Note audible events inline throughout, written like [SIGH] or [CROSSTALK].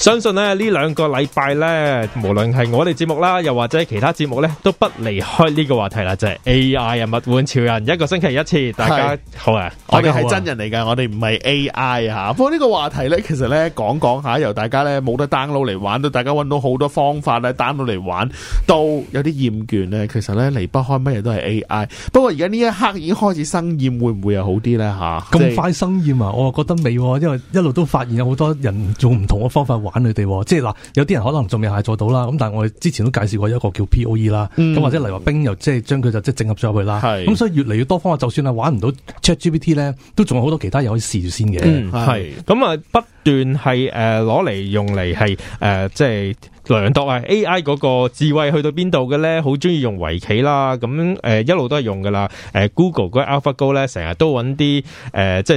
相信咧呢兩個禮拜咧，無論係我哋節目啦，又或者其他節目咧，都不離開呢個話題啦，就係、是、A I 啊。物玩潮人，一個星期一次，大家好啊！我哋係真人嚟嘅，我哋唔係 A I 吓。不過呢個話題咧，其實咧講講吓，由大家咧冇得 download 嚟玩，到大家搵到好多方法咧 download 嚟玩，到有啲厭倦咧，其實咧離不開乜嘢都係 A I。不過而家呢一刻已經開始生厭，會唔會又好啲咧吓？咁即快生厭啊！我覺得未，因為一路都發現有好多人用唔同嘅方法玩。玩佢哋，即係嗱，有啲人可能仲未下載到啦。咁但係我哋之前都介紹過一個叫 P O E 啦、嗯。咁或者例如話冰又即係將佢就即係整合咗入去啦。咁是所以越嚟越多方法，就算係玩唔到 Chat G P T 咧，都仲有好多其他嘢可以試住先嘅。係咁啊，是不斷係誒攞嚟用嚟係誒即係。量度啊，AI 嗰個智慧去到邊度嘅咧？好中意用圍棋啦，咁誒、呃、一路都係用噶啦。誒、呃、，Google 嗰個 AlphaGo 咧，成日都揾啲誒，即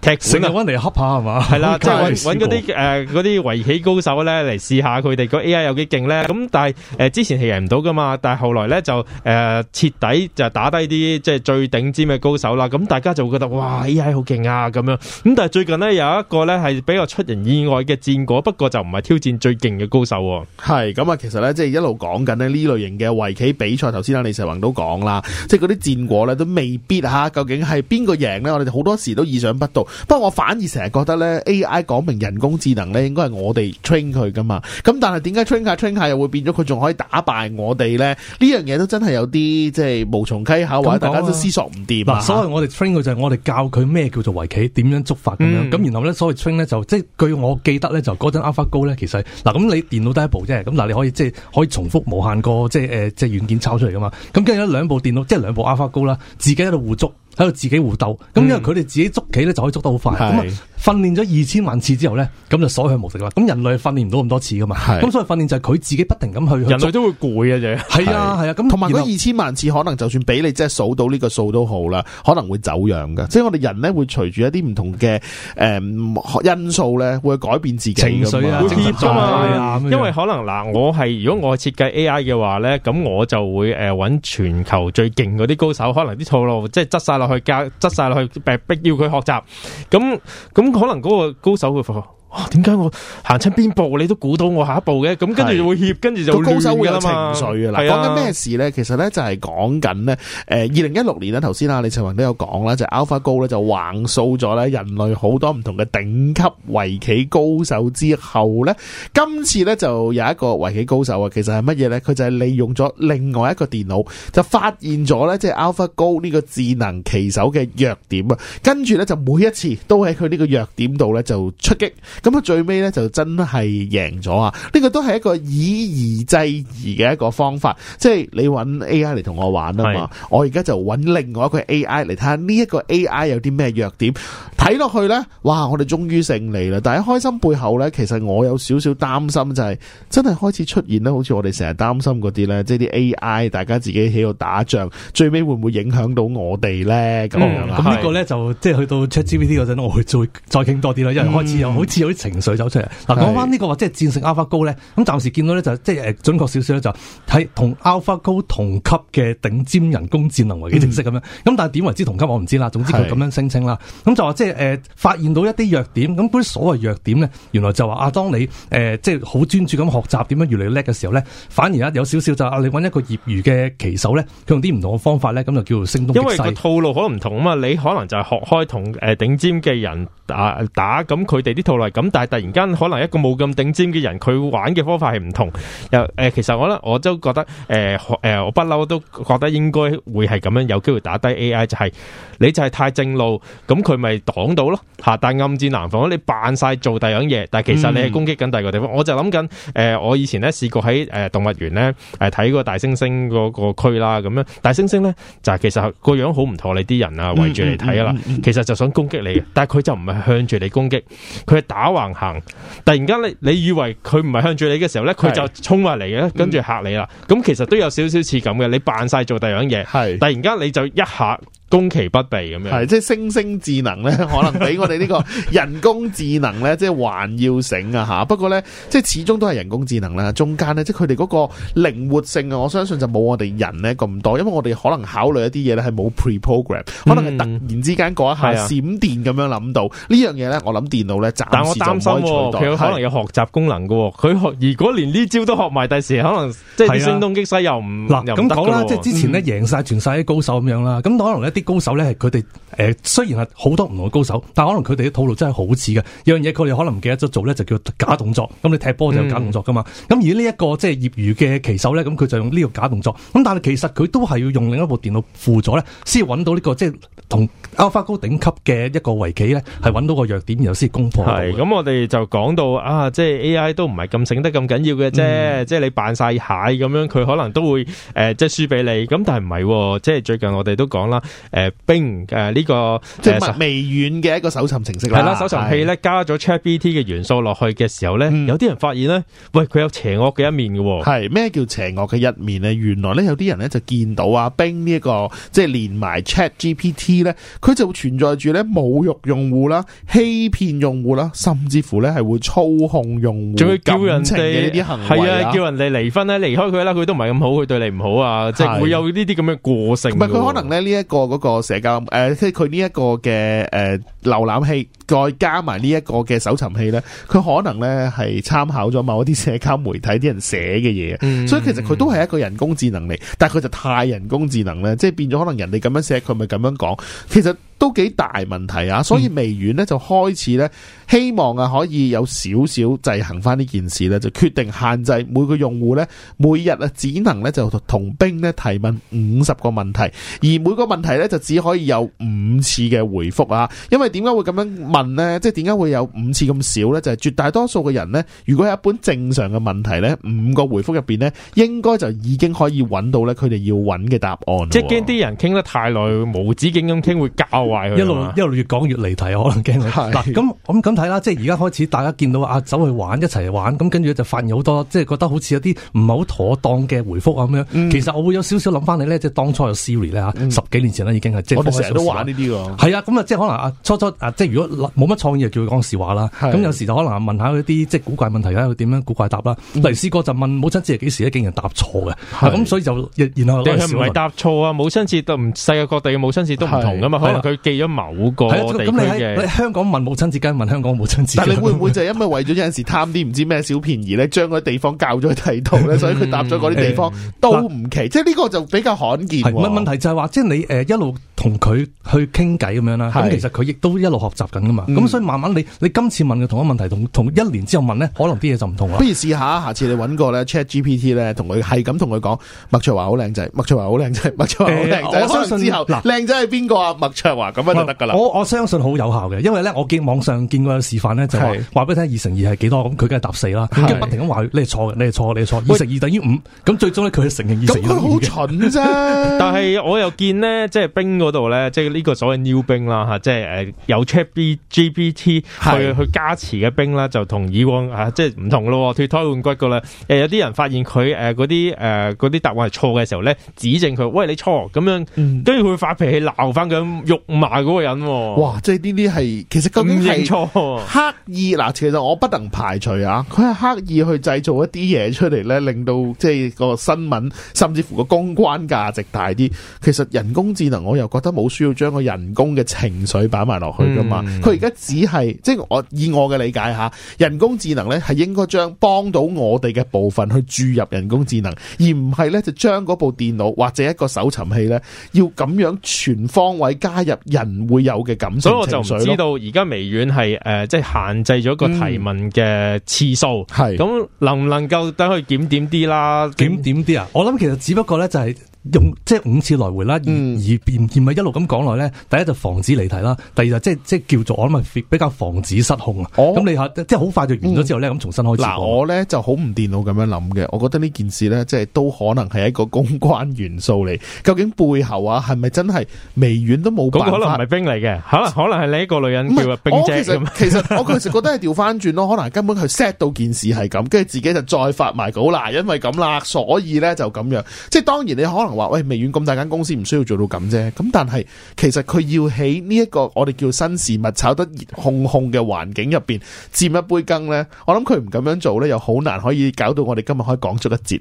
係踢館揾嚟恰下係嘛？係啦的，即係揾嗰啲誒嗰啲圍棋高手咧嚟試下佢哋個 AI 有幾勁咧。咁但係誒、呃、之前係贏唔到噶嘛，但係後來咧就誒徹、呃、底就打低啲即係最頂尖嘅高手啦。咁大家就會覺得哇，AI 好勁啊咁樣。咁但係最近咧有一個咧係比較出人意外嘅戰果，不過就唔係挑戰最勁嘅高手。係咁啊，其實咧即係一路講緊呢，呢類型嘅圍棋比賽，頭先啦李世宏都講啦，即係嗰啲戰果咧都未必吓，究竟係邊個贏咧？我哋好多時都意想不到。不過我反而成日覺得咧，A.I. 講明人工智能咧，應該係我哋 train 佢噶嘛。咁但係點解 train 下 train 下又會變咗佢仲可以打敗我哋咧？呢樣嘢都真係有啲即係無從稽考，啊、或者大家都思索唔掂。啊所以我哋 train 佢就係我哋教佢咩叫做圍棋，點樣捉法咁樣。咁、嗯、然後咧，所謂 train 咧就即係據我記得咧，就嗰陣 AlphaGo 咧，其實嗱咁你電腦咁嗱，你可以即係可以重複無限個即係誒，即係軟、呃、件抄出嚟噶嘛，咁跟住咧兩部電腦，即係兩部 R 發高啦，自己喺度互助。喺度自己互鬥，咁因為佢哋自己捉棋咧，就可以捉得好快。咁訓練咗二千萬次之後咧，咁就所向無敵啦。咁人類訓練唔到咁多次噶嘛，咁係啊，所以訓練就係佢自己不停咁去。人類都會攰嘅啫。係啊，係啊，咁同埋二千萬次可能就算俾你即係數到呢個數都好啦，可能會走樣噶即係我哋人咧會隨住一啲唔同嘅誒因素咧，會改變自己情緒啊，會因為可能嗱，我係如果我設計 A I 嘅話咧，咁我就會誒揾全球最勁嗰啲高手，可能啲套路即係執晒去教，執晒落去逼要佢學習。咁咁可能嗰個高手會。哇！點解、啊、我行親邊步，你都估到我下一步嘅？咁跟住就會怯，跟住的就會高手會有情緒啊！嗱的，講緊咩事咧？其實咧就係講緊咧，誒、呃，二零一六年咧，頭先啦，李陳云都有講啦，就係、AlphaGo 咧就橫掃咗咧人類好多唔同嘅頂級圍棋高手之後咧，今次咧就有一個圍棋高手啊，其實係乜嘢咧？佢就係利用咗另外一個電腦，就發現咗咧，即係 AlphaGo 呢個智能棋手嘅弱點啊！跟住咧就每一次都喺佢呢個弱點度咧就出擊。咁啊最尾咧就真係贏咗啊！呢個都係一個以夷制夷嘅一個方法，即係你揾 A.I. 嚟同我玩啊嘛。是我而家就揾另外一個 A.I. 嚟，睇下呢一個 A.I. 有啲咩弱點，睇落去咧，哇！我哋終於勝利啦！但係開心背後咧，其實我有少少擔心，就係真係開始出現咧，好似我哋成日擔心嗰啲咧，即係啲 A.I. 大家自己喺度打仗，最尾會唔會影響到我哋咧？咁樣啦，咁呢個咧是就即係去到 ChatGPT 嗰陣，我會再再傾多啲啦，因為開始又、嗯、好似。啲情緒走出嚟嗱，講翻呢個話即係戰勝 AlphaGo 咧，咁暫時見到咧就即係誒準確少少咧，就係同 AlphaGo 同級嘅頂尖人工智能圍棋程式咁、嗯、樣，咁但係點為之同級我唔知啦，總之佢咁樣聲稱啦，咁就話即係誒發現到一啲弱點，咁嗰啲所謂弱點咧，原來就話啊，當你誒即係好專注咁學習點樣越嚟越叻嘅時候咧，反而有少少就啊，你搵一個業餘嘅棋手咧，佢用啲唔同嘅方法咧，咁就叫做勝。因為個套路可能唔同啊嘛，你可能就係學開同誒頂尖嘅人打打，咁佢哋啲套路。咁但係突然間可能一個冇咁頂尖嘅人，佢玩嘅方法係唔同。又誒、呃，其實我咧我都覺得誒誒、呃呃，我不嬲都覺得應該會係咁樣有機會打低 AI，就係你就係太正路，咁佢咪擋到咯吓。但暗箭難防，你扮晒做第二樣嘢，但係其實你係攻擊緊第二個地方。嗯、我就諗緊誒，我以前咧試過喺誒動物園咧誒睇個大猩猩嗰個區啦，咁樣大猩猩咧就係、其實個樣好唔妥，你啲人啊圍住嚟睇啦，嗯嗯嗯、其實就想攻擊你，嗯、但係佢就唔係向住你攻擊，佢係打。打橫行，突然間你你以為佢唔係向住你嘅時候咧，佢就衝落嚟嘅，是跟住嚇你啦。咁、嗯、其實都有少少似咁嘅，你扮晒做第二樣嘢，係是突然間你就一下攻其不備咁樣，係即係猩猩智能咧，可能比我哋呢個人工智能咧， [LAUGHS] 即係還要醒啊吓。不過咧，即係始終都係人工智能啦，中間咧，即係佢哋嗰個靈活性啊，我相信就冇我哋人咧咁多，因為我哋可能考慮一啲嘢咧係冇 preprogram，、嗯、可能係突然之間過一下閃電咁樣諗到、啊、樣呢樣嘢咧，我諗電腦咧，擔心佢、哦、可能有學習功能喎、哦。佢學、啊、如果連呢招都學埋，第時可能即係聲東擊西又唔嗱咁講啦，啊、即係之前呢贏晒、嗯、全世啲高手咁樣啦，咁可能一啲高手咧係佢哋誒，雖然係好多唔同嘅高手，但可能佢哋嘅套路真係好似嘅。有樣嘢佢哋可能唔記得咗做咧，就叫假動作。咁你踢波就有假動作噶嘛。咁、嗯、而、這個、呢一個即係業餘嘅棋手咧，咁佢就用呢個假動作。咁但係其實佢都係要用另一部電腦輔助咧，先搵到呢、這個即係同 AlphaGo 頂級嘅一個圍棋咧，係揾到個弱點，然後先攻破。咁我哋就講到啊，即係 A.I. 都唔係咁醒得咁緊要嘅啫，嗯、即係你扮晒蟹咁樣，佢可能都會誒、呃，即係輸俾你。咁但係唔係，即係最近我哋都講啦，誒、呃，Bing 誒呢個即係微軟嘅一個搜尋程式係系、啊、啦，搜尋器咧是加咗 ChatGPT 嘅元素落去嘅時候咧，嗯、有啲人發現咧，喂，佢有邪惡嘅一面嘅、哦。係咩叫邪惡嘅一面呢？原來咧有啲人咧就見到啊，Bing、這個、呢一個即係連埋 ChatGPT 咧，佢就存在住咧侮辱用戶啦、欺騙用戶啦、甚至乎咧係會操控用戶，仲要叫人哋啲行為，係啊，叫人哋離婚咧，離開佢啦，佢都唔係咁好，佢對你唔好啊，即係會有呢啲咁嘅個性。唔係佢可能咧呢一個嗰個社交誒，即係佢呢一個嘅誒瀏覽器，再加埋呢一個嘅搜尋器咧，佢可能咧係參考咗某一啲社交媒體啲人寫嘅嘢，所以其實佢都係一個人工智能嚟，但係佢就太人工智能咧，即係變咗可能人哋咁樣寫，佢咪咁樣講，其實。都幾大問題啊，所以微軟咧就開始咧，希望啊可以有少少制衡翻呢件事咧，就決定限制每個用戶咧，每日啊只能咧就同 Bing 咧提問五十個問題，而每個問題咧就只可以有五次嘅回覆啊。因為點解會咁樣問咧？即係點解會有五次咁少咧？就係、是、絕大多數嘅人咧，如果係一本正常嘅問題咧，五個回覆入邊咧，應該就已經可以揾到咧佢哋要揾嘅答案。即係驚啲人傾得太耐，無止境咁傾會教，一路一路越講越離題，可能驚啦。嗱，咁咁咁睇啦，即係而家開始大家見到啊，走去玩一齊玩，咁跟住就發現好多，即係覺得好似有啲唔係好妥當嘅回覆咁樣。其實我會有少少諗翻你呢，即係當初有 Siri 咧嚇，十幾年前咧已經係。我哋成日都玩呢啲㗎。係啊，咁啊，即係可能啊，初初啊，即係如果冇乜創意，就叫佢講笑話啦。咁有時就可能問下一啲即係古怪問題啦，佢點樣古怪答啦？例如師哥就問母親節係幾時，竟然答錯嘅。咁所以就然後。定係唔係答錯啊？母親節都唔，世界各地嘅母親節都唔同㗎嘛。寄咗某個，咁你喺香港問母親節梗係問香港母親節。但你會唔會就係因為為咗有陣時貪啲唔知咩小便宜咧，將嗰地方教咗去睇圖咧，所以佢搭咗嗰啲地方 [LAUGHS] 都唔奇，即係呢個就比較罕見。係，問題就係話，即係你誒、呃、一路。同佢去傾偈咁樣啦，咁其實佢亦都一路學習緊噶嘛，咁是、嗯、所以慢慢你你今次問嘅同一問題，同同一年之後問呢，可能啲嘢就唔同啦。不如試下，下次你揾個咧 Chat GPT 咧，同佢係咁同佢講，麥卓華好靚仔，麥卓華好靚仔，麥卓華好靚仔。我相信之後，靚仔係邊個啊？麥卓華咁樣就得噶啦。我我相信好有效嘅，因為呢，我見網上見過有示範呢，就話話俾你聽二乘二係幾多？咁佢梗係答四啦，咁跟住不停咁話你係錯嘅，你係錯，你係錯。二喂乘二等於五，咁最終咧佢係乘成二四到五嘅。佢好蠢啫， [LAUGHS] 但係我又見呢。即係兵。嗰度咧，即係呢個所謂 new 兵啦，吓即係誒有 ChatGPT 去去加持嘅兵啦，是就同以往吓即係唔同咯，脫胎換骨噶啦。誒，有啲人發現佢誒嗰啲誒啲答案係錯嘅時候咧，指正佢，喂，你錯咁樣，跟住佢會發脾氣鬧翻佢辱罵嗰個人。哇，即係呢啲係其實究竟係錯，刻意嗱，其實我不能排除啊，佢係刻意去製造一啲嘢出嚟咧，令到即係個新聞甚至乎個公關價值大啲。其實人工智能我又。覺得冇需要將個人工嘅情緒擺埋落去噶嘛？佢而家只係即係我以我嘅理解吓，人工智能呢係應該將幫到我哋嘅部分去注入人工智能，而唔係呢就將嗰部電腦或者一個搜尋器呢，要咁樣全方位加入人會有嘅感受。所以我就唔知道而家微軟係誒即係限制咗個提問嘅次數，係咁、嗯、是能唔能夠等佢檢點啲啦？檢檢點啲啊！我諗其實只不過呢就係、是。用即係五次來回啦，而、嗯、而而唔係一路咁講落咧。第一就防止離題啦，第二就是、即係即係叫做我諗比較防止失控啊。咁你、哦、即係好快就完咗之後咧，咁、嗯、重新開始。嗱，我咧就好唔電腦咁樣諗嘅，我覺得呢件事咧，即係都可能係一個公關元素嚟。究竟背後啊，係咪真係微軟都冇？咁可能係冰嚟嘅，可能可能係呢一個女人叫冰姐。其實我其實覺得係調翻轉咯，可能根本佢 set 到件事係咁，跟住自己就再發埋稿啦。因為咁啦，所以咧就咁樣。即係當然你可能。話，喂，微軟咁大間公司唔需要做到咁啫，咁但係其實佢要喺呢一個我哋叫新事物炒得熱烘烘嘅環境入邊佔一杯羹呢，我諗佢唔咁樣做呢，又好難可以搞到我哋今日可以講出一節。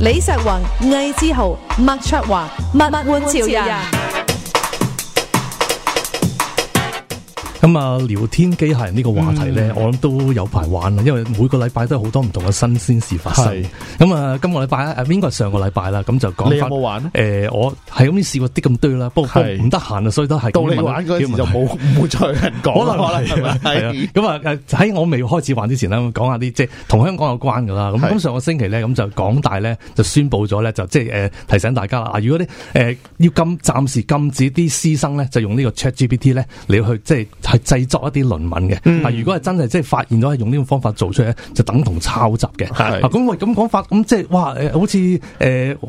李石雲、魏之豪、麥卓華、物玩潮人。咁啊，聊天機械人呢個話題咧，我諗都有排玩啦，因為每個禮拜都有好多唔同嘅新鮮事發生。咁啊，今個禮拜啊，應該係上個禮拜啦。咁就講，你有冇玩？我係咁啲試過啲咁多啦，不過唔得閒啊，所以都係到你玩嗰陣就冇冇再講。好啦好啦，係係咁啊，喺我未開始玩之前咧，講下啲即係同香港有關㗎啦。咁，咁上個星期咧，咁就港大咧就宣布咗咧，就即係提醒大家啦。啊，如果啲要禁暫時禁止啲師生咧，就用呢個 Chat GPT 咧，你要去即係。係製作一啲論文嘅，嗱，如果係真係即係發現咗係用呢種方法做出嚟，就等同抄襲嘅。係啊，咁我咁講法，咁、嗯、即係哇，誒、呃，好似誒，我、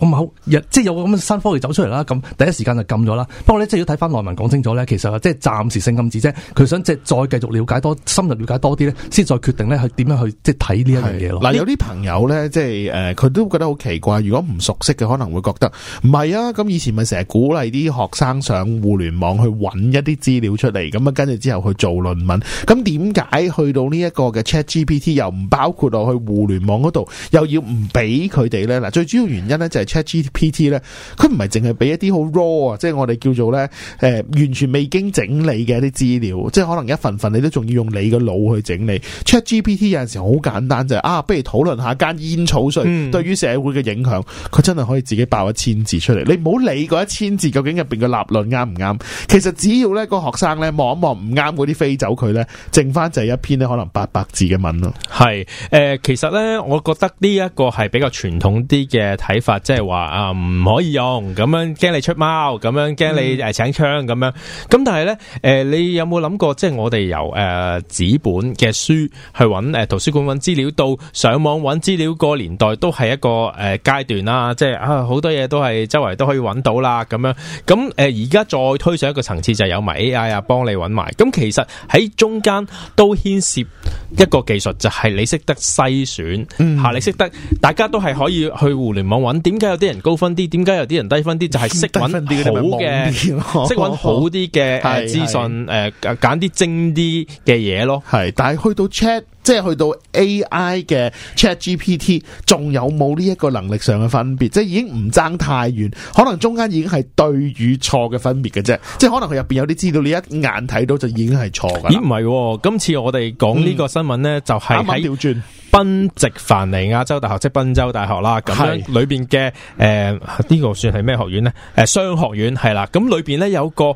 呃、即係有咁嘅新科技走出嚟啦，咁、嗯、第一時間就禁咗啦。不過咧，即係要睇翻內文講清楚咧，其實即係暫時性禁止啫。佢想即係再繼續了解多，深入了解多啲咧，先再決定咧，係點樣去即係睇呢一樣嘢咯。嗱、呃，有啲朋友咧，即係誒，佢、呃、都覺得好奇怪。如果唔熟悉嘅，可能會覺得唔係啊。咁以前咪成日鼓勵啲學生上互聯網去搵一啲資料出嚟，咁啊跟住之又去做論文，咁點解去到呢一個嘅 ChatGPT 又唔包括落去互聯網嗰度，又要唔俾佢哋呢？嗱，最主要原因呢，就係 ChatGPT 呢，佢唔係淨係俾一啲好 raw 啊，即係我哋叫做呢、呃，完全未經整理嘅一啲資料，即係可能一份份你都仲要用你嘅腦去整理。ChatGPT 有陣時好簡單，就係，就係啊，不如討論下間煙草稅對於社會嘅影響，佢、嗯、真係可以自己爆一千字出嚟。你唔好理嗰一千字究竟入邊嘅立論啱唔啱，其實只要呢個學生呢望一望唔啱啲飛走佢咧，剩翻就一篇咧，可能八百字嘅文咯。係誒、呃，其實咧，我覺得呢一個係比較傳統啲嘅睇法，即係話啊，唔、嗯、可以用咁樣，樣、嗯、樣，驚你出貓，咁樣驚你誒請槍，咁樣。咁但係咧，誒，你有冇諗過？即、就、係、是、我哋由誒紙、呃、本嘅書去揾，誒圖書館揾資料，到上網揾資料，個年代都係一個誒階、呃、段啦。即、就、係、是、啊，好多嘢都係周圍都可以揾到啦，咁樣，咁誒，而、呃、家再推上一個層次，就是、有 AI 啊，幫你揾埋咁。其實喺中間都牽涉一個技術，就係、是、你識得篩選，吓、嗯啊、你識得，大家都係可以去互聯網揾。點解有啲人高分啲？點解有啲人低分啲？就係、是、識揾好嘅，識揾好啲嘅資訊，誒，揀啲精啲嘅嘢咯。係，但係去到 chat。即係去到 A.I. 嘅 ChatGPT，仲有冇呢一個能力上嘅分別？即係已經唔爭太遠，可能中間已經係對與錯嘅分別嘅啫。即係可能佢入邊有啲資料，你一眼睇到就已經係錯㗎。咦，唔係、哦，今次我哋講呢個新聞呢，就係喺賓夕凡尼亞州大學，即係賓州大學啦。咁樣裏邊嘅誒，呢是、呃這個算係咩學院呢？誒、呃，商學院係啦。咁裏邊、呃、呢，有個誒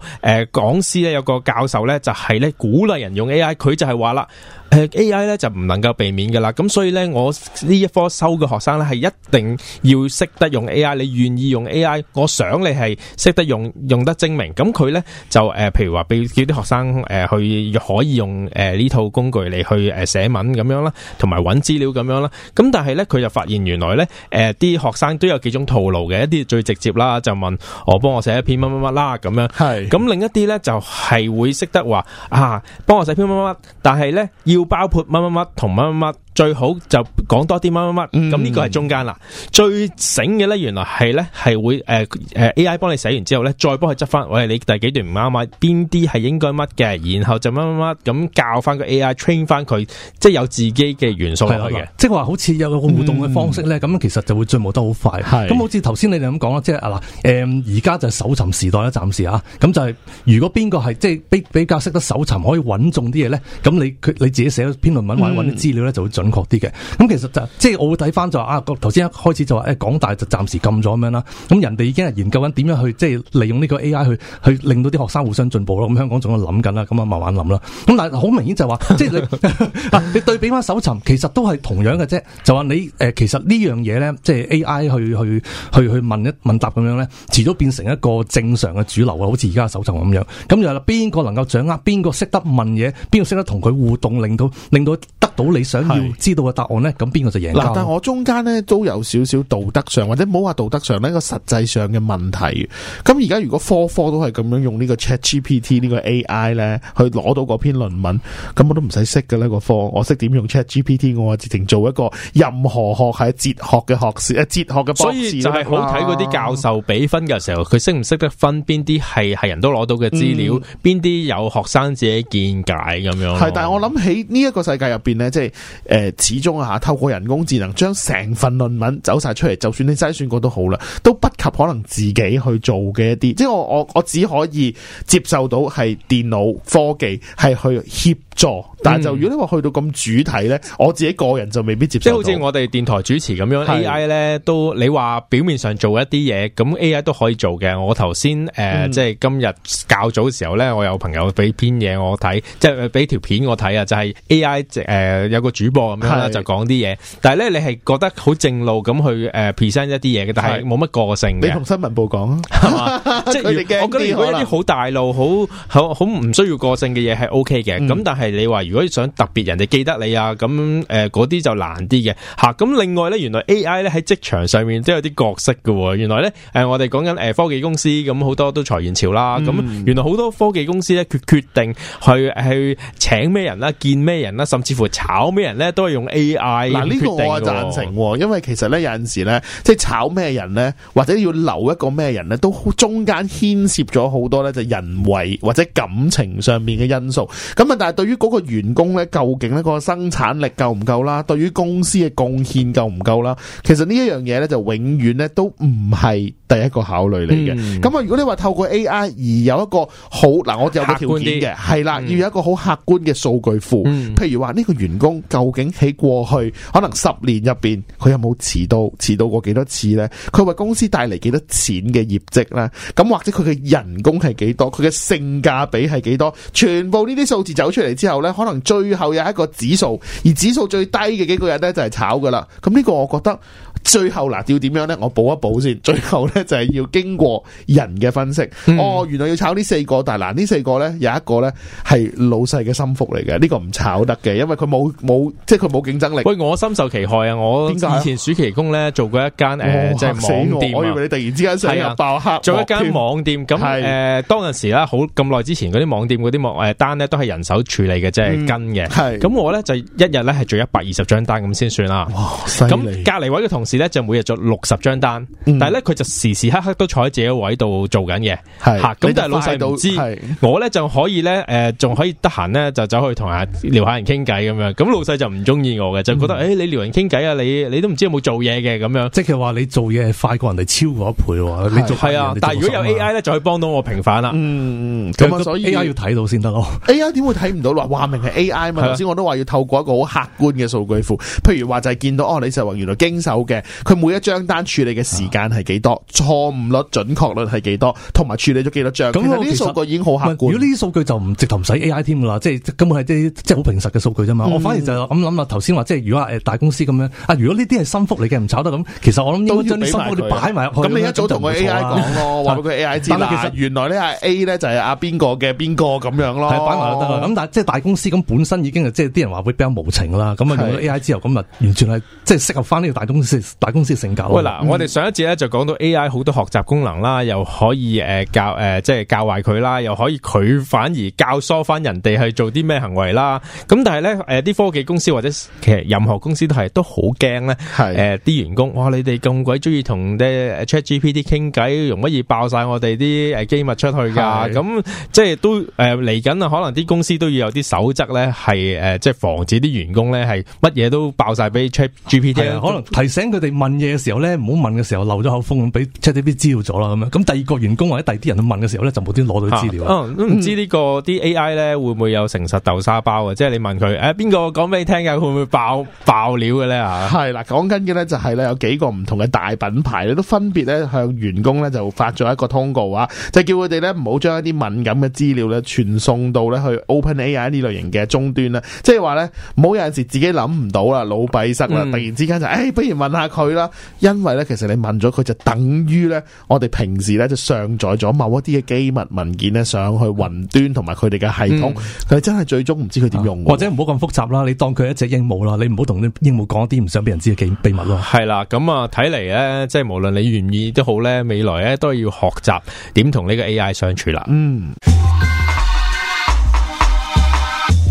講師咧，有個教授呢，就係、是、呢鼓勵人用 A.I. 佢就係話啦。AI 咧就唔能夠避免噶啦，咁所以咧，我呢一科收嘅學生咧係一定要識得用 A.I.，你願意用 A.I.，我想你係識得用，用得精明。咁佢咧就誒、呃，譬如話俾叫啲學生誒、呃、去可以用誒呢、呃、套工具嚟去誒寫、呃、文咁樣啦，同埋揾資料咁樣啦。咁但係咧，佢就發現原來咧，誒、呃、啲學生都有幾種套路嘅，一啲最直接啦，就問我幫我寫一篇乜乜乜啦咁樣，係是。咁另一啲咧就係、是、會識得話啊，幫我寫篇乜乜乜，但係咧要。包括乜乜乜同乜乜乜。最好就講多啲乜乜乜，咁呢個係中間啦。最醒嘅咧，原來係咧係會誒誒、呃、A I 幫你寫完之後咧，再幫佢執翻。喂、哎，你第幾段唔啱啊？邊啲係應該乜嘅？然後就乜乜乜咁教翻個 A I train 翻佢，即係有自己嘅元素落去嘅。嗯、即係話好似有個互動嘅方式咧，咁、嗯、其實就會進步得好快。咁好似頭先你哋咁講啦，即係啊嗱，誒而家就搜尋時代啦，暫時吓。咁就係、是、如果邊個係即係比比較識得搜尋，可以搵中啲嘢咧，咁你佢你自己寫篇論文或者搵啲資料咧，就會、嗯準確啲嘅，咁、嗯、其實就即、是、係、就是、我會睇翻就話、是、啊，頭先一開始就話誒，港大就暫時禁咗咁樣啦。咁人哋已經係研究緊點樣去即係利用呢個 A.I. 去去令到啲學生互相進步咯。咁、嗯、香港仲喺諗緊啦，咁啊慢慢諗啦。咁但係好明顯就話、是，即、就、係、是、 [LAUGHS] 你啊， [LAUGHS] 你對比翻搜尋，其實都係同樣嘅啫。就話你誒，其實呢樣嘢咧，即係 A.I. 去去去去問一問答咁樣咧，遲早變成一個正常嘅主流啊，好似而家搜尋咁樣。咁又係啦，邊個能夠掌握，邊個識得問嘢，邊個識得同佢互動，令到令到得到你想要。知道嘅答案咧，咁邊個就贏？嗱，但係我中間咧都有少少道德上，或者唔好話道德上呢個實際上嘅問題。咁而家如果科科都係咁樣用呢個 Chat GPT 呢個 AI 咧，去攞到嗰篇論文，咁我都唔使識噶呢個科，我識點用 Chat GPT，我直情做一個任何學系哲學嘅學士哲學嘅博士。所以就係好睇嗰啲教授俾分嘅時候，佢識唔識得分邊啲係係人都攞到嘅資料，邊啲、嗯、有學生自己見解咁樣。係，但係我諗起呢一個世界入邊呢，即係誒。欸始終啊吓，透過人工智能將成份論文走晒出嚟，就算你篩選過都好啦，都不及可能自己去做嘅一啲。即係我我我只可以接受到係電腦科技係去協助，但係就如果你話去到咁主體呢，嗯、我自己個人就未必接受。即係好似我哋電台主持咁樣是，AI 呢都你話表面上做一啲嘢，咁 AI 都可以做嘅。我頭先誒，呃嗯、即係今日較早嘅時候呢，我有朋友俾篇嘢我睇，即係俾條片我睇啊，就係、是、AI 誒、呃、有個主播。就講啲嘢，但係咧你係覺得好正路咁去誒 present 一啲嘢嘅，但係冇乜個性。你同新聞部講，係嘛吧？即係 [LAUGHS] 我覺，如果一啲好大路、好好好唔需要個性嘅嘢係 O K 嘅。咁、嗯、但係你話如果想特別人哋記得你啊，咁誒嗰啲就難啲嘅。吓、啊、咁、嗯、另外咧，原來 A I 咧喺職場上面都有啲角色喎、哦。原來咧誒、呃，我哋講緊誒科技公司咁好、嗯、多都裁員潮啦。咁、嗯嗯、原來好多科技公司咧決決定去去請咩人啦、啊、見咩人啦、啊，甚至乎炒咩人咧都。用 A.I. 嗱，呢個我贊成，因為其實咧有陣時咧，即係炒咩人咧，或者要留一個咩人咧，都中間牽涉咗好多咧，就人為或者感情上面嘅因素。咁啊，但係對於嗰個員工咧，究竟咧個生產力夠唔夠啦？對於公司嘅貢獻夠唔夠啦？其實呢一樣嘢咧，就永遠咧都唔係第一個考慮嚟嘅。咁啊、嗯，如果你話透過 A.I. 而有一個好嗱、呃，我有個條件嘅係啦，要有一個好客觀嘅數據庫，嗯、譬如話呢個員工究竟。喺過去可能十年入邊，佢有冇遲到？遲到過幾多次呢？佢為公司帶嚟幾多錢嘅業績呢？咁或者佢嘅人工係幾多？佢嘅性價比係幾多？全部呢啲數字走出嚟之後呢，可能最後有一個指數，而指數最低嘅幾個人呢，就係炒噶啦。咁呢個我覺得。最後嗱，要點樣咧？我補一補先。最後咧就係要經過人嘅分析。嗯、哦，原來要炒呢四個，但係嗱，呢四個咧有一個咧係老細嘅心腹嚟嘅，呢個唔炒得嘅，因為佢冇冇即係佢冇競爭力。喂，我深受其害啊！我以前暑期工咧做過一間誒，即係網店，啊。我以為你突然之間想爆黑，啊啊。做一間網店咁誒是、呃，當陣時啦，好咁耐之前嗰啲網店嗰啲誒單咧都係人手處理嘅，即係跟嘅。咁我咧就一日咧係做一百二十張單咁先算啦。哇，哦，犀利！咁隔籬位嘅同事。就每日做六十張單，但係咧佢就時時刻刻都坐喺自己位度做緊嘢。係吓咁。但係老細唔知，我咧就可以咧誒，仲可以得閒咧就走去同下聊下人傾偈咁樣。咁老細就唔中意我嘅，就覺得誒你撩人傾偈啊，你你都唔知有冇做嘢嘅咁樣。即係話你做嘢係快過人哋超過一倍喎。係啊，但係如果有 AI 咧，就可以幫到我平反啦。嗯嗯，咁所以 AI 要睇到先得咯。AI 點會睇唔到？話話明係 AI 嘛？頭先我都話要透過一個好客觀嘅數據庫，譬如話就係見到哦，李世話原來經手嘅。佢每一張單處理嘅時間係幾多？錯誤率、準確率係幾多？同埋處理咗幾多張？咁佢啲數據已經好客觀。如果呢啲數據就唔直頭唔使 A I 添㗎啦，即係根本係啲即係好平實嘅數據啫嘛。我反而就咁諗啦，頭先話即係如果誒大公司咁樣啊，如果呢啲係心腹嚟嘅，唔炒得咁，其實我諗都要將啲心腹啲擺埋。咁你一早同佢 A I 講咯，話俾佢 A I 知其實，原來咧 A 咧就係阿邊個嘅邊個咁樣咯。擺埋都得。咁但係即係大公司咁本身已經係即係啲人話會比較無情啦。咁啊用咗 A I 之後，咁啊完全係即係適合翻呢個大公司。大公司成九喂嗱， [NOISE] [NOISE] 我哋上一節咧就講到 A I 好多學習功能啦，又可以誒、呃、教誒即係教壞佢啦，又可以佢反而教唆翻人哋去做啲咩行為啦。咁但係咧誒，啲、呃、科技公司或者其實任何公司都係都好驚咧，係誒啲員工，哇、呃呃呃呃呃、你哋咁鬼中意同啲誒 Chat G P T 傾偈，容乜易爆晒我哋啲誒機密出去噶？咁是、嗯、即係都誒嚟緊啊，呃、可能啲公司都要有啲守則咧，係誒、呃、即係防止啲員工咧係乜嘢都爆晒俾 Chat G P T，是可能提醒佢。 [LAUGHS] 你問嘢嘅時候咧，唔好問嘅時候漏咗口風咁，俾 c 啲資料咗啦咁樣。咁第二個員工或者第二啲人去問嘅時候咧，就冇端攞到資料。啊、嗯，唔、嗯、知呢個啲 AI 咧會唔會有誠實豆沙包啊？嗯、即係你問佢，誒邊個講俾你聽嘅，會唔會爆爆料嘅咧？啊，係啦，講緊嘅咧就係咧有幾個唔同嘅大品牌咧都分別咧向員工咧就發咗一個通告啊，就係、叫佢哋咧唔好將一啲敏感嘅資料咧傳送到咧去 OpenAI 呢類型嘅終端啦。即係話咧，唔好有陣時自己諗唔到啦，腦閉塞啦，嗯、突然之間就誒、哎，不如問下。佢啦，因為咧，其實你問咗佢就等於咧，我哋平時咧就上載咗某一啲嘅機密文件咧上去雲端，同埋佢哋嘅系統，佢、嗯、真係最終唔知佢點用。或者唔好咁複雜啦，你當佢一隻鸚鵡啦，你唔好同啲鸚鵡講一啲唔想俾人知嘅秘密咯。係啦，咁啊，睇嚟咧，即係無論你願意都好咧，未來咧都要學習點同呢個 AI 相處啦。嗯。嗯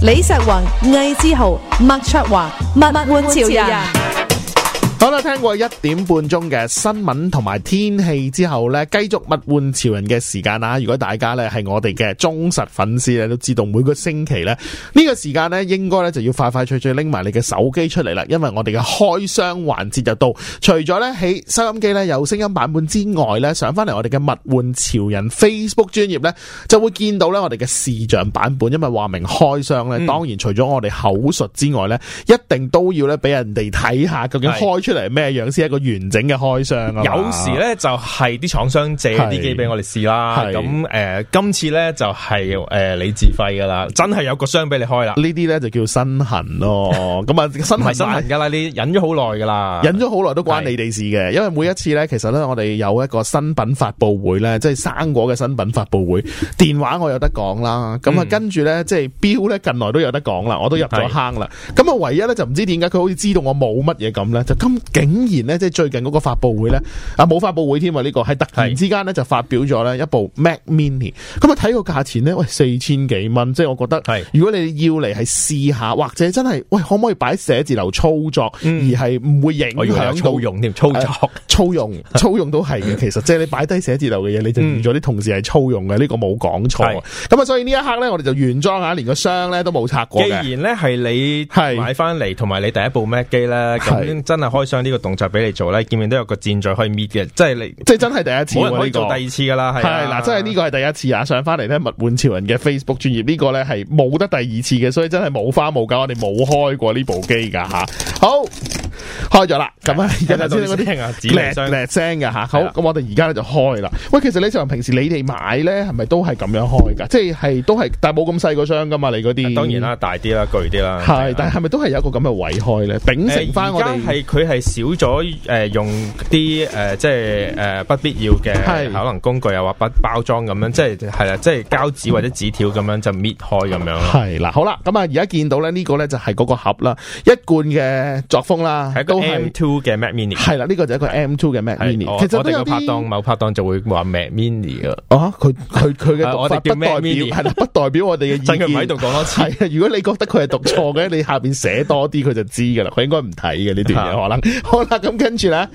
李石宏、魏之豪、麥卓華、麥麥換潮人。好啦，聽過一點半鐘嘅新聞同埋天氣之後呢，繼續物玩潮人嘅時間啦、啊。如果大家呢係我哋嘅忠實粉絲咧，都知道每個星期呢呢、這個時間呢，應該呢就要快快脆脆拎埋你嘅手機出嚟啦，因為我哋嘅開箱環節就到。除咗呢喺收音機呢有聲音版本之外呢，上返嚟我哋嘅物玩潮人 Facebook 專頁呢，就會見到呢我哋嘅視像版本，因為話明開箱呢，嗯、當然除咗我哋口述之外呢，一定都要呢俾人哋睇下究竟開出。嚟咩樣先一個完整嘅開箱啊！有時咧就係啲廠商借啲機俾我哋試啦。咁誒、呃，今次咧就係、是、誒，你自費噶啦，真係有個箱俾你開啦。呢啲咧就叫新痕咯。咁啊 [LAUGHS] 新，新痕新痕噶啦，你忍咗好耐噶啦，忍咗好耐都關你哋事嘅。是因為每一次咧，其實咧，我哋有一個新品發布會咧，即係生果嘅新品發布會。 [LAUGHS] 電話我有得講啦。咁啊、嗯，跟住咧，即係錶咧，近來都有得講啦。我都入咗坑啦。咁啊是，唯一咧就唔知點解佢好似知道我冇乜嘢咁咧，就今竟然咧，即係最近嗰個發佈會咧，啊冇發佈會添啊，呢、這個係突然之間咧就發表咗咧一部 Mac Mini，咁啊睇個價錢咧，喂四千幾蚊，即係我覺得，係是如果你要嚟係試下或者真係，喂可唔可以擺喺寫字樓操作，嗯、而係唔會影響到用添？操作、啊、操用、操用都係嘅， [LAUGHS] 其實即係你擺低寫字樓嘅嘢，你就預咗啲同事係操用嘅，呢、嗯、個冇講錯。咁啊是，所以呢一刻咧，我哋就原裝下，連個箱咧都冇拆過。既然咧係你買翻嚟，同埋是你第一部 Mac 機咧，咁真係可。想呢個動作俾你做呢，見面都有個箭在可以搣嘅，即係你即係真係第一次，啊，冇人可以做第二次噶啦。係嗱，真係呢個係第一次啊的！上返嚟呢，物玩潮人嘅 Facebook 專頁呢，這個呢，係冇得第二次嘅，所以真係冇花冇假，我哋冇開過呢部機噶吓。好。開咗啦，咁、嗯、啊，而家就啲叻叻聲嘅吓，好，咁我哋而家就開啦。喂、嗯嗯，其實李少平時你哋買咧，係咪都係咁樣開噶？即係都係，但係冇咁細個箱噶嘛？你嗰啲當然啦，大啲啦，巨啲啦，係是，但係咪都係有一個咁嘅位開咧？秉承翻我哋而家係佢係少咗誒、呃，用啲誒、呃，即係誒、呃、不必要嘅的可能工具又或者包裝咁樣，即係係啦，即係膠紙或者紙條咁樣就搣開咁樣係啦，好啦，咁、嗯、啊，而家見到咧呢、這個咧就係嗰個盒啦，一貫嘅作風啦。都係 M2 嘅 Mac Mini，係啦，呢個就係一個 M2 嘅 Mac Mini。其實我哋有啲某拍檔就會話 Mac Mini 噶，啊，佢佢佢嘅讀法，係啦，不代表我哋嘅意見。真係喺度講多次，如果你覺得佢係讀錯嘅，你下邊寫多啲，佢就知噶啦。佢應該唔睇嘅呢段嘢，可能，好啦。咁跟住咧，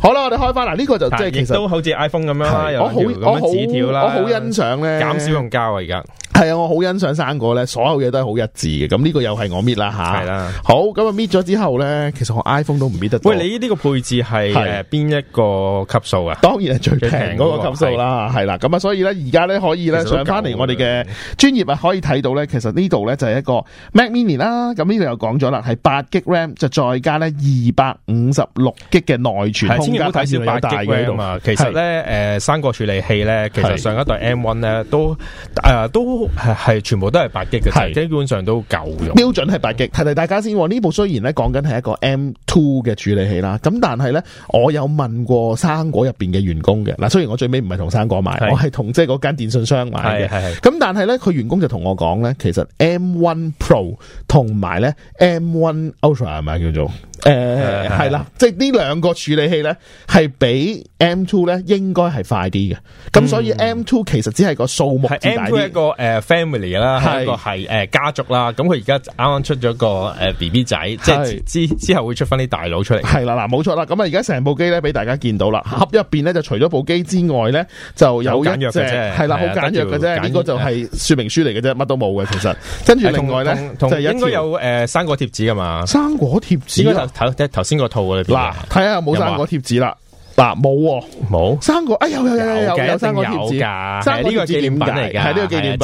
好啦，我哋開翻嗱，呢個就即係其實都好似 iPhone 咁樣，我好我好我好欣賞咧，減少用膠啊，而家係啊，我好欣賞生果咧，所有嘢都係好一致嘅。咁呢個又係我搣啦吓，係啦，好咁啊搣咗之後咧，其實我 iPhone。都唔得，喂！你呢個配置係誒邊一個級數啊？當然係最平嗰個級數啦，係啦。咁啊，所以咧，而家咧可以咧上翻嚟我哋嘅專業啊，可以睇到咧，其實呢度咧就係一個 Mac Mini 啦。咁呢度又講咗啦，係八 G RAM 就再加咧二百五十六 G 嘅內存空間，千祈唔好睇少八 G RAM 啊。其實咧，誒的，三個處理器咧，的其實上一代 M One 咧都誒、呃、都係全部都係八 G 嘅，的基本上都夠用。標準係八 G。提提大家先，呢部雖然咧講緊係一個 M Two。嘅處理器啦，咁但係咧，我有問過生果入邊嘅員工嘅，嗱，雖然我最尾唔係同生果買，是我係同即係嗰間電信商買嘅，咁但係咧，佢員工就同我講咧，其實 M1 Pro 同埋咧 M1 Ultra 係咪叫做？嗯誒，係啦，即係呢兩個處理器咧，係比 M two 咧應該係快啲嘅。咁所以 M two 其實只係個數目，M two 一個誒 family 啦，一個係誒家族啦。咁佢而家啱啱出咗個誒 B B 仔，即係之之後會出翻啲大佬出嚟。係啦，嗱，冇錯啦。咁啊，而家成部機咧俾大家見到啦，盒入邊咧就除咗部機之外咧就有，簡約嘅。係啦，好簡約嘅啫。應該就係說明書嚟嘅啫，乜都冇嘅。其實跟住另外咧，就應該有誒生果貼紙噶嘛，生果貼紙。睇睇頭先個套嗰裏邊。嗱，睇下有冇刪嗰貼紙啦。有嗱，冇冇三個，哎有有有有有三個貼紙噶，係呢個紀念品嚟噶，係呢個紀念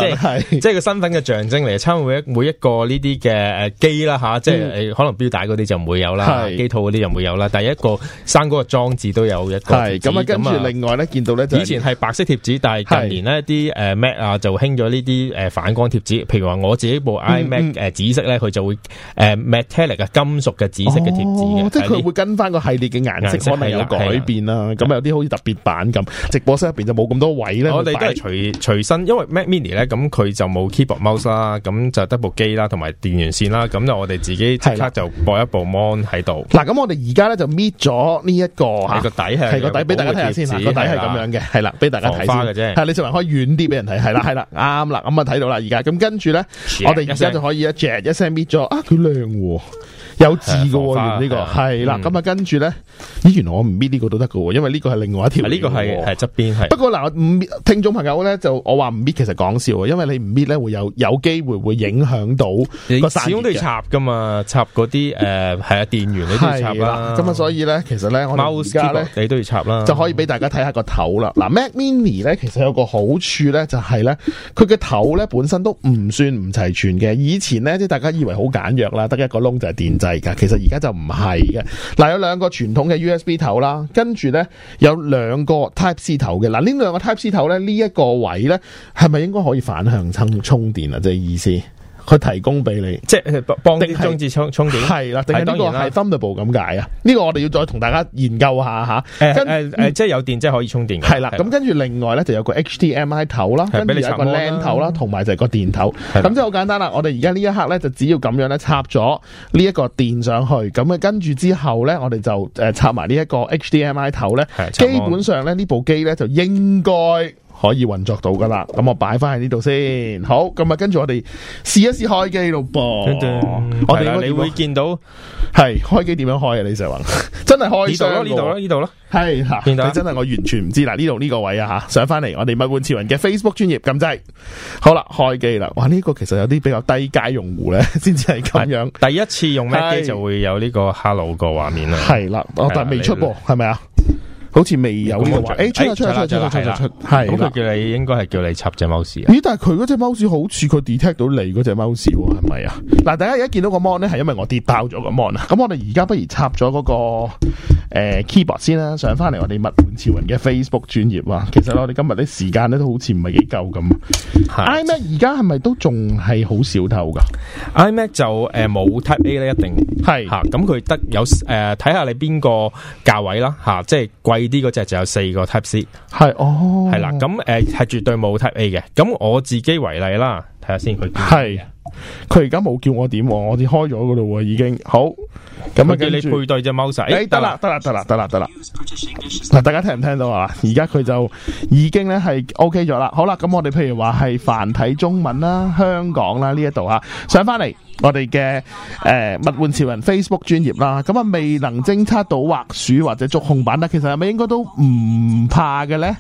品，即係個身份嘅象徵嚟。抽每每一個呢啲嘅誒機啦吓，即係可能表帶嗰啲就唔會有啦，機套嗰啲就唔會有啦。但係一個生個裝置都有一，係咁跟住另外見到以前係白色貼紙，但係近年呢啲誒 Mac 啊就興咗呢啲誒反光貼紙，譬如話我自己部 iMac 誒紫色咧，佢就會誒 metallic 嘅金屬嘅紫色嘅貼紙，即佢會跟翻個系列嘅顏色可能有改變。啦，咁有啲好似特別版咁，直播室入邊就冇咁多位咧。我哋都係隨隨身，因為 Mac Mini 咧，咁佢就冇 keyboard mouse 啦，咁就得部機啦，同埋電源線啦，咁就我哋自己即刻就播一部 mon 喺度。嗱，咁我哋而家咧就搣咗呢一個嚇，個底係個底俾大家睇下先，個底係咁樣嘅，係啦，俾大家睇先。花嘅啫，你李能文可以遠啲俾人睇，係啦，係啦，啱啦，咁啊睇到啦而家，咁跟住咧，我哋而家就可以一搣一聲搣咗，啊，佢靚喎。有字嘅喎，啊、原來呢個係啦，咁啊跟住咧，咦，原來我唔搣呢個都得嘅喎，因為呢個係另外一條，呢個係係側邊係。啊、不過嗱，唔聽眾朋友咧就我話唔搣，其實講笑啊，因為你唔搣咧，會有有機會會影響到個。始終都要插嘅嘛，插嗰啲誒係啊電源嗰啲插啦。咁啊，所以咧其實咧，我 mouse 咧你都要插啦，就可以俾大家睇下個頭啦。嗱、啊、Mac Mini 咧，其實有個好處咧，就係、係、咧，佢嘅頭咧本身都唔算唔齊全嘅。以前咧即大家以為好簡約啦，得一個窿就係電掣。係噶，其實而家就唔係嘅。嗱，有兩個傳統嘅 USB 頭啦，跟住呢，有兩個 Type C 頭嘅。嗱，呢兩個 Type C 頭呢，呢一個位呢，係咪應該可以反向充充電啊？即係意思。佢提供俾你，即係幫你裝置充電，係啦。定係呢個係 Thunderbolt 咁解啊？呢個我哋要再同大家研究下吓。誒誒即係有電即係可以充電。係啦。咁跟住另外咧就有個 HDMI 頭啦，跟住有個 LAN 頭啦，同埋就係個電頭。咁即係好簡單啦。我哋而家呢一刻咧就只要咁樣咧插咗呢一個電上去，咁啊跟住之後咧我哋就誒插埋呢一個 HDMI 頭咧。基本上咧呢部機咧就應該。可以運作到噶啦，咁我擺翻喺呢度先。好，咁、嗯嗯、啊，跟住了我哋試一試開機咯噃。我哋你會見到係開機點樣開啊？你成日話真係開呢度呢度咯，呢度咯。係吓，了到你真係我完全唔知。嗱，呢度呢個位啊吓，上翻嚟我哋物玩潮人嘅 Facebook 專頁撳掣。好啦，開機啦。哇，呢、呢個其實有啲比較低階用戶咧，先至係咁樣。第一次用咩機就會有呢個 Hello 個畫面啦係啦，但未出喎，係咪吧啊？好似未有呢個、嗯、欸，出來出來出來出來出來出，咁佢叫你的應該係叫你插隻貓屎。咦但係佢嗰隻貓屎好似佢 detect 到你嗰隻貓屎喎，係咪呀？大家而家見到個 Mon 呢，係因為我跌爆咗個 Mon，咁我哋而家不如插咗，嗰個。誒，keyboard、呃、先啦，上翻嚟我哋物玩潮人嘅 Facebook 專頁啊，其實我哋今日啲時間咧都好似唔係幾夠咁。iMac 而家係咪都仲係好少透噶？iMac 就誒冇 type A 咧，一定係吓，咁佢得有誒睇下你邊個價位啦吓，啊，即係貴啲嗰隻就有四個 type C，係哦，係啦，咁誒係絕對冇 type A 嘅。咁我自己為例啦，睇下先佢。佢而家冇叫我點，我哋開咗嗰度已經開了。好，咁啊，叫你配對隻貓仔。得啦，得啦，得啦，得啦，得啦。嗱，大家聽唔聽到啊？而家佢就已經咧係 OK 咗啦。好啦，咁我哋譬如話係繁體中文啦、香港啦呢一度啊，上翻嚟我哋嘅誒物玩潮人 Facebook 專頁啦。咁啊未能偵測到滑鼠或者觸控板啦，其實係咪應該都唔怕嘅咧？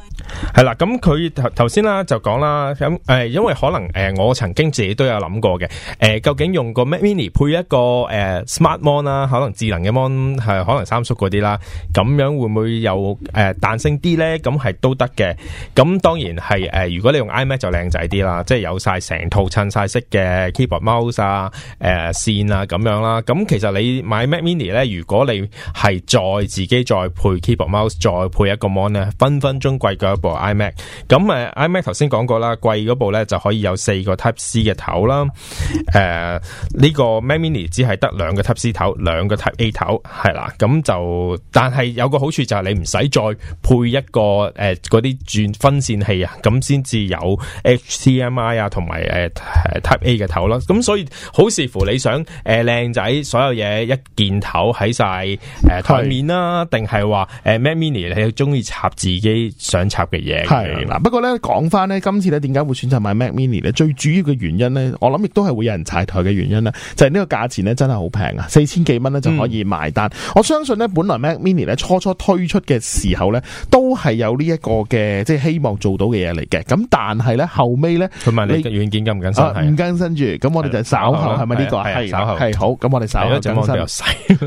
係啦，咁佢頭先啦就講啦，咁誒，因為可能誒、呃，我曾經自己都有諗過嘅，誒、呃，究竟用個 Mac Mini 配一個誒、呃、Smart Mon 啦、啊，可能智能嘅 Mon 係可能三叔嗰啲啦，咁樣會唔會有誒彈、呃、性啲咧？咁係都得嘅，咁當然係誒、呃，如果你用 iMac 就靚仔啲啦，即係有晒成套襯晒色嘅 Keyboard Mouse 啊，誒、呃、線啊咁樣啦，咁其實你買 Mac Mini 咧，如果你係再自己再配 Keyboard Mouse，再配一個 Mon 咧，分分鐘貴腳。啊、部 iMac 咁誒，iMac 頭先講過啦，貴嗰部咧就可以有四個 Type C 嘅頭啦。誒、呃，呢、這個 Mac Mini 只係得兩個 Type C 頭，兩個 Type A 頭係啦。咁就但係有個好處就係你唔使再配一個誒嗰啲轉分線器啊，咁先至有 HDMI 啊同埋誒 Type A 嘅頭啦咁、啊、所以好視乎你想誒靚、呃、仔所有嘢一件頭喺晒誒台面啦，定係話誒 Mac Mini 你中意插自己想插。係啦，不過咧，講翻咧，今次咧點解會選擇買 Mac Mini 咧？最主要嘅原因咧，我諗亦都係會有人踩台嘅原因呢，就係、是、呢個價錢咧真係好平啊，四千幾蚊咧就可以埋單。嗯、我相信咧，本來 Mac Mini 咧初初推出嘅時候咧，都係有呢一個嘅即係希望做到嘅嘢嚟嘅。咁但係咧後尾咧，佢問你軟件跟唔跟新？唔更新住，咁我哋就稍後係咪呢個？係稍後係好。咁我哋稍後的更新。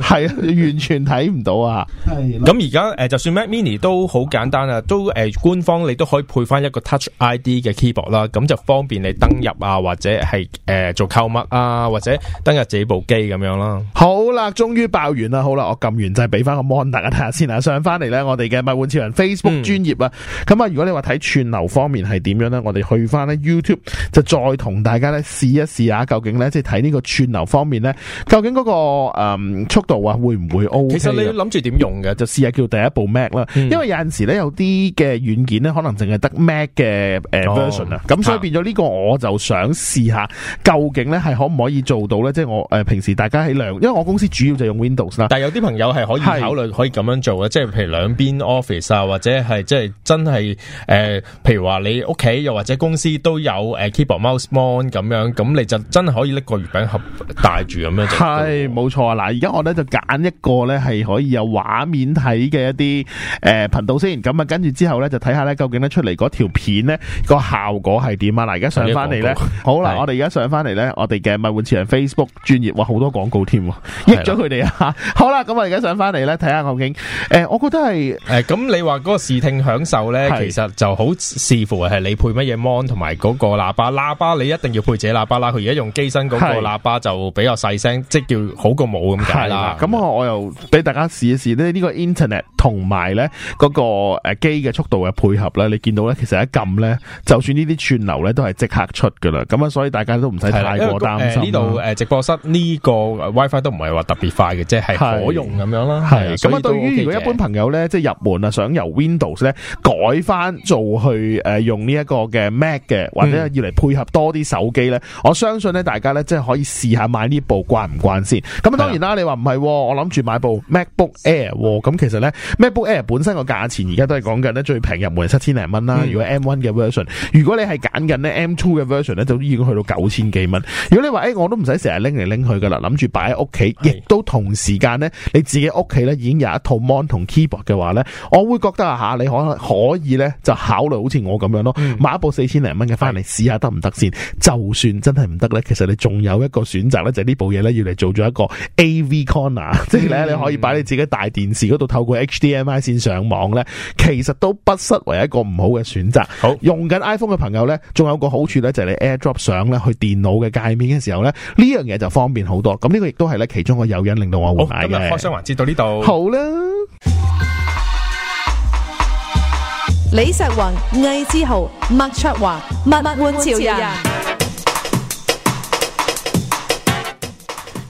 係啊的， [LAUGHS] 完全睇唔到啊。咁而家誒，就算 Mac Mini 都好簡單啊，都誒。呃官方你都可以配翻一個 Touch ID 嘅 keyboard 啦，咁就方便你登入啊，或者係誒、呃、做購物啊，或者登入自己部機咁樣咯。好啦，終於爆完啦，好啦，我撳完就俾翻個 Mon 大家睇下先啊。上翻嚟咧，我哋嘅物玩潮人 Facebook 專頁啊，咁、嗯、啊，如果你話睇串流方面係點樣咧，我哋去翻咧 YouTube 就再同大家咧試一試一下究竟咧，即係睇呢個串流方面咧，究竟嗰、那個誒、嗯、速度啊會唔會 O？、OK、其實你諗住點用嘅，就試一下叫第一部 Mac 啦，因為有陣時咧有啲嘅。軟件咧可能淨係得 Mac 嘅誒 version 啊，咁所以變咗呢個我就想試下究竟咧係可唔可以做到咧？即係我誒平時大家喺量，因為我公司主要就用 Windows 啦。但係有啲朋友係可以考慮可以咁樣做嘅，即係譬如兩邊 Office 啊，或者係即係真係誒，譬如話你屋企又或者公司都有誒 Keyboard Mouse Mon 咁樣，咁你就真係可以拎個月餅盒帶住咁樣。係冇錯啊！嗱，而家我咧就揀一個咧係可以有畫面睇嘅一啲誒頻道先，咁啊，跟住之後咧就。睇下咧，究竟咧出嚟條片咧個效果係點啊！嗱，而家上翻嚟咧，好啦，是的 我哋而家上翻嚟咧，我哋嘅物玩潮人 Facebook 專頁話好多廣告添，益咗佢哋啊！是的 好啦，咁我而家上翻嚟咧，睇下究竟誒、欸，我覺得係誒，咁、欸、你話個視聽享受咧，是的 其實就好視乎係你配乜嘢 mon 同埋個喇叭，喇叭你一定要配自己喇叭啦。佢而家用機身嗰個喇叭就比較細聲，是的 即是叫好過冇咁解啦。咁我我又俾大家試一試咧，呢、呢個 internet 同埋咧個誒機嘅速度啊。配合咧，你見到咧，其實一撳咧，就算呢啲串流咧，都係即刻出噶啦。咁啊，所以大家都唔使太過擔心。呢度誒直播室呢個 WiFi 都唔係話特別快嘅，即係的可用咁樣啦。咁啊的，的對於如果一般朋友咧，即係入門啊，想由 Windows 咧改翻做去誒用呢一個嘅 Mac 嘅，或者要嚟配合多啲手機咧，嗯、我相信咧大家咧即係可以試下買呢部慣唔慣先。咁啊，當然啦，的你話唔係，我諗住買部 MacBook Air 咁、哦、其實咧 MacBook Air 本身個價錢而家都係講緊咧最平。入門七千零蚊啦，如果 M one 嘅 version，如果你係揀緊咧 M two 嘅 version 咧，就已經去到九千幾蚊。如果你話誒、欸，我都唔使成日拎嚟拎去噶啦，諗住擺喺屋企，亦都同時間咧，你自己屋企咧已經有一套 mon 同 keyboard 嘅話咧，我會覺得啊吓，你可能可以咧就考慮好似我咁樣咯，買一部四千零蚊嘅翻嚟試下得唔得先。就算真係唔得咧，其實你仲有一個選擇咧，就係、是、呢部嘢咧要嚟做咗一個 A V corner，嗯、即係咧你可以擺你自己大電視嗰度透過 H D M I 線上網咧，其實都不。作為一個唔好嘅選擇，好用緊 iPhone 嘅朋友咧，仲有個好處咧，就係你 AirDrop 相咧去電腦嘅界面嘅時候咧，呢樣嘢就方便好多。咁呢個亦都係咧其中個誘因，令到我換。好，今日開箱環節到呢度，好啦。李石宏、魏之豪、麥卓華、麥麥換潮人。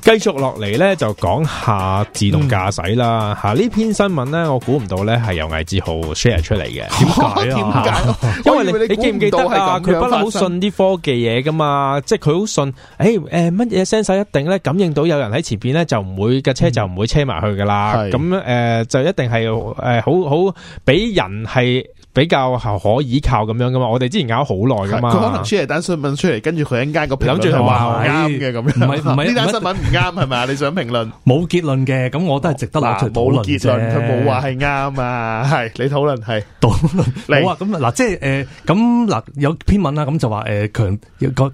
繼續落嚟咧，就講下自動駕駛啦吓。呢、嗯啊、篇新聞咧，我估唔到咧係由魏志豪 share 出嚟嘅。點解啊？點解 [LAUGHS] 因為你為你記唔記得啊？佢不嬲好信啲科技嘢噶嘛，即係佢好信。誒、欸、誒，乜嘢 sensor 一定咧感應到有人喺前邊咧，就唔會架車就唔會車埋去噶啦。咁誒是、呃、就一定係誒好好俾人係。比較可依靠咁樣噶嘛？我哋之前搞好耐噶嘛，佢可能出嚟單新聞出嚟，跟住佢一間個評論，諗住係話啱嘅咁樣，唔係唔係呢單新聞唔啱，係咪？你想評論？冇結論嘅，咁我都係值得攞出嚟討論。佢冇話係啱啊，係你討論係討論。好啊，咁嗱，即係誒，咁嗱有篇文啦，咁就話誒強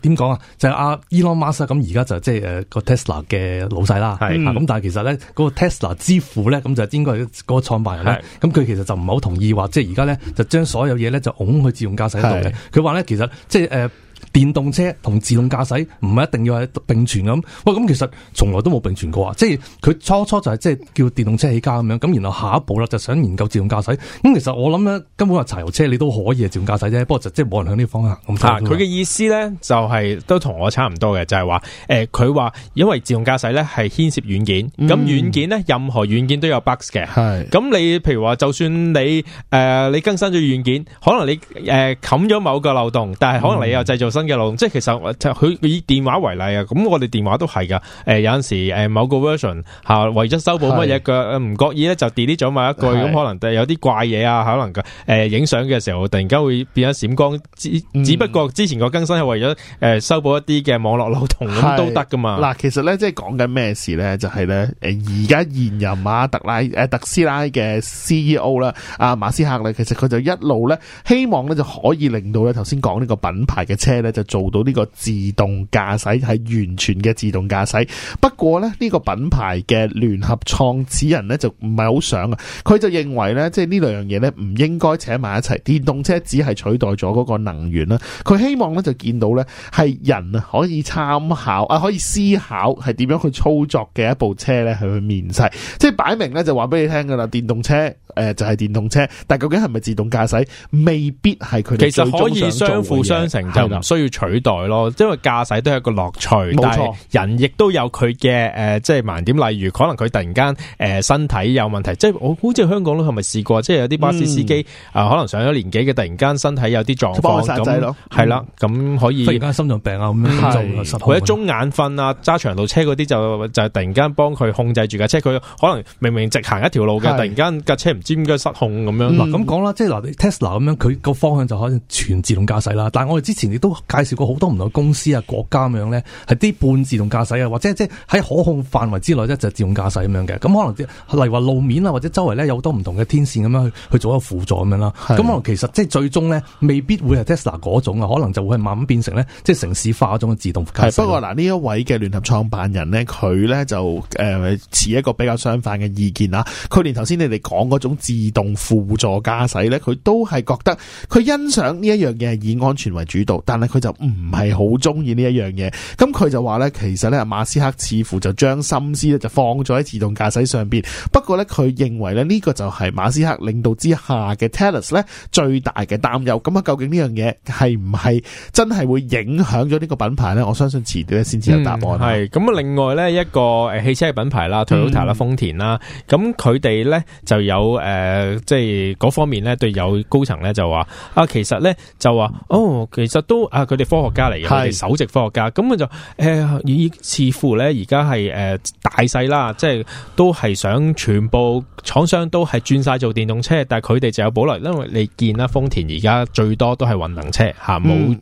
點講啊？就阿 Elon Musk 咁而家就即係誒個 Tesla 嘅老細啦，咁但係其實咧嗰個 Tesla 之父咧，咁就應該係個創辦人咧，咁佢其實就唔係好同意話，即係而家咧就。將所有嘢咧就擁去自動駕駛度嘅，佢話咧其實即係、呃電動車同自動駕駛唔係一定要係並存咁，喂，咁其實從來都冇並存過啊！即係佢初初就係即係叫電動車起家咁樣，咁然後下一步啦，就想研究自動駕駛。咁其實我諗咧，根本話柴油車你都可以係自動駕駛啫，不過就即係冇人向呢個方向的。嗱，佢嘅意思咧就係、是、都同我差唔多嘅，就係話誒，佢、呃、話因為自動駕駛咧係牽涉軟件，咁、嗯、軟件咧任何軟件都有 bug 嘅，係咁是你譬如話就算你誒、呃、你更新咗軟件，可能你誒冚咗某個漏洞，但係可能你又製造新嘅漏洞，即係其實佢以電話為例啊，咁我哋電話都係噶，誒有陣時誒某個 version 吓為咗修補乜嘢嘅唔覺意咧就 delete 咗某一句咁可能有啲怪嘢啊，可能誒影相嘅時候突然間會變咗閃光，只只不過之前個更新係為咗誒修補一啲嘅網絡漏洞咁都得噶嘛。嗱、就是就是啊啊，其實咧即係講緊咩事咧，就係咧誒而家現任馬特拉誒特斯拉嘅 CEO 啦，阿馬斯克咧，其實佢就一路咧希望咧就可以令到咧頭先講呢個品牌嘅車咧。就做到呢個自動駕駛係完全嘅自動駕駛。不過呢，呢個品牌嘅聯合創始人呢，就唔係好想啊。佢就認為呢，即係呢兩樣嘢呢，唔應該扯埋一齊。電動車只係取代咗嗰個能源啦。佢希望呢，就見到呢係人可以參考啊，可以思考係點樣去操作嘅一部車呢去去面世。即係擺明呢，就話俾你聽噶啦，電動車誒、呃、就係、是、電動車，但究竟係咪自動駕駛未必係佢。其實可以相輔相成係都要取代咯，因為駕駛都係個樂趣，錯但係人亦都有佢嘅誒，即係盲點，例如可能佢突然間誒、呃、身體有問題，即係我好似喺香港都係咪試過？即係有啲巴士司機啊、嗯呃，可能上咗年紀嘅，突然間身體有啲狀況咁，係啦，咁樣、嗯、可以突然間心臟病啊咁樣就，或者中眼瞓啊揸長途車嗰啲就就係突然間幫佢控制住架車，佢可能明明直行一條路嘅，是突然間架車唔知點解失控咁樣。嗱咁講啦，即係嗱，Tesla 咁樣，佢個方向就可能全自動駕駛啦，但係我哋之前亦都。介紹過好多唔同嘅公司啊、國家咁樣咧，係啲半自動駕駛啊，或者即係喺可控範圍之內咧，就自動駕駛咁樣嘅。咁可能即係例如話路面啊，或者周圍咧有好多唔同嘅天線咁樣去去做一個輔助咁樣啦。咁是的 可能其實即係最終咧，未必會係 Tesla 嗰種啊，可能就會係慢慢變成咧，即係城市化嗰種嘅自動駕駛。不過嗱，呢一位嘅聯合創辦人咧，佢咧就誒、呃、持一個比較相反嘅意見啦。佢連頭先你哋講嗰種自動輔助駕駛咧，佢都係覺得佢欣賞呢一樣嘢係以安全為主導，但佢就唔係好中意呢一樣嘢，咁佢就話呢，其實呢，馬斯克似乎就將心思咧就放咗喺自動駕駛上邊，不過呢，佢認為呢呢個就係馬斯克領導之下嘅 Tesla 呢最大嘅擔憂，咁啊究竟呢樣嘢係唔係真係會影響咗呢個品牌呢？我相信遲啲先至有答案。係咁啊，另外呢，一個汽車嘅品牌啦，Toyota 啦、豐田啦，咁佢哋呢就有誒即係嗰方面呢，對有高層呢就話啊，其實呢就話哦，其實都啊。佢哋科學家嚟嘅，佢哋係首席科學家，咁佢就誒、呃，似乎咧而家係誒大勢啦，即係都係想全部廠商都係轉晒做電動車，但係佢哋就有保留，因為你見啦，豐田而家最多都係混能車吓，冇。嗯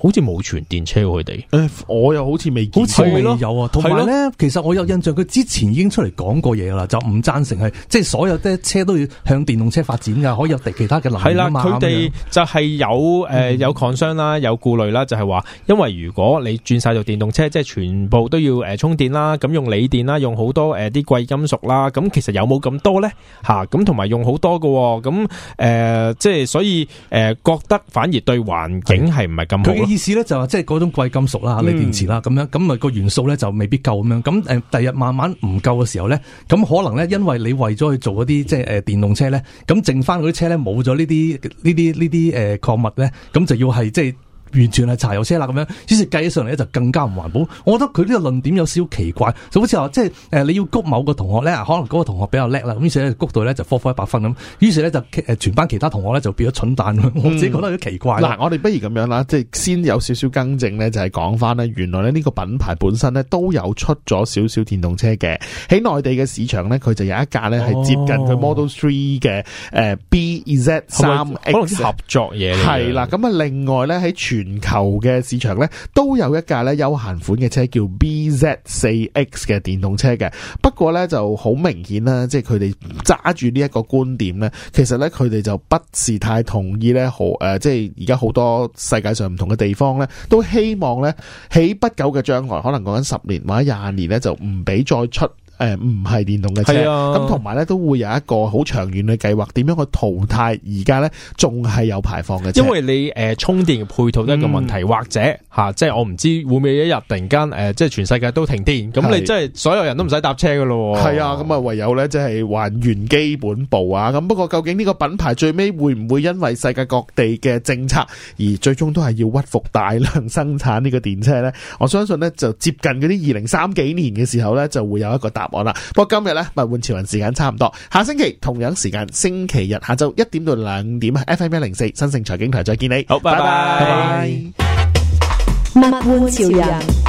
好似冇全電車佢哋，誒我又好似未見過，好似未有啊。同埋咧，的其實我有印象佢之前已經出嚟講過嘢啦,就唔贊成係，即、就、係、是、所有啲車都要向電動車發展噶，可以有其他嘅能係啦。佢哋就係有誒、嗯哼呃、有 concern 啦，有顧慮啦，就係、是、話，因為如果你轉晒做電動車，即係全部都要誒、呃、充電啦，咁用鋰電啦，用好多誒啲、呃、貴金屬啦，咁其實有冇咁多咧吓？咁同埋用好多嘅，咁、呃、誒即係所以誒、呃、覺得反而對環境係唔係？佢嘅意思咧就話即係嗰種貴金屬啦，鋰電池啦咁樣，咁啊個元素咧就未必夠咁樣，咁誒第日慢慢唔夠嘅時候咧，咁可能咧因為你為咗去做嗰啲即係誒電動車咧，咁剩翻嗰啲車咧冇咗呢啲呢啲呢啲誒礦物咧，咁就要係即係。完全係柴油車啦，咁樣，於是計起上嚟咧就更加唔環保。我覺得佢呢個論點有少少奇怪，就好似話即係誒、呃、你要谷某個同學咧，可能嗰個同學比較叻啦，咁於是咧谷到咧就科科一百分咁，於是咧就、於是呢就、呃、全班其他同學咧就變咗蠢蛋。嗯、我自己覺得有啲奇怪。嗱，我哋不如咁樣啦，即係先有少少更正咧，就係講翻呢。原來呢個品牌本身咧都有出咗少少電動車嘅，喺內地嘅市場呢，佢就有一架呢係接近佢 Model Three 嘅 B Z 三 X、哦、係咪合作嘢啦，咁啊另外咧喺全球嘅市場咧，都有一架咧休閒款嘅車叫 BZ4X 嘅電動車嘅，不過咧就好明顯啦，即係佢哋揸住呢一個觀點咧，其實咧佢哋就不是太同意咧，好誒，即係而家好多世界上唔同嘅地方咧，都希望咧喺不久嘅將來，可能講緊十年或者廿年咧，就唔俾再出。誒唔係電動嘅車，咁同埋咧都會有一個好長遠嘅計劃，點樣去淘汰而家咧仲係有排放嘅車？因為你誒、呃、充電嘅配套有一個問題，嗯、或者、啊、即係我唔知會唔會一日突然間、呃、即係全世界都停電，咁是你即係所有人都唔使搭車㗎咯喎。係啊，咁啊唯有咧即係還原基本步啊。咁不過究竟呢個品牌最尾會唔會因為世界各地嘅政策而最終都係要屈服大量生產呢個電車咧？我相信咧就接近嗰啲二零三幾年嘅時候咧就會有一個答。不過今日呢，物玩潮人時間差唔多，下星期同樣時間星期日下晝一點到兩點 FM 一零四，104，新城財經台再見你，好拜拜。物玩 bye bye 潮人。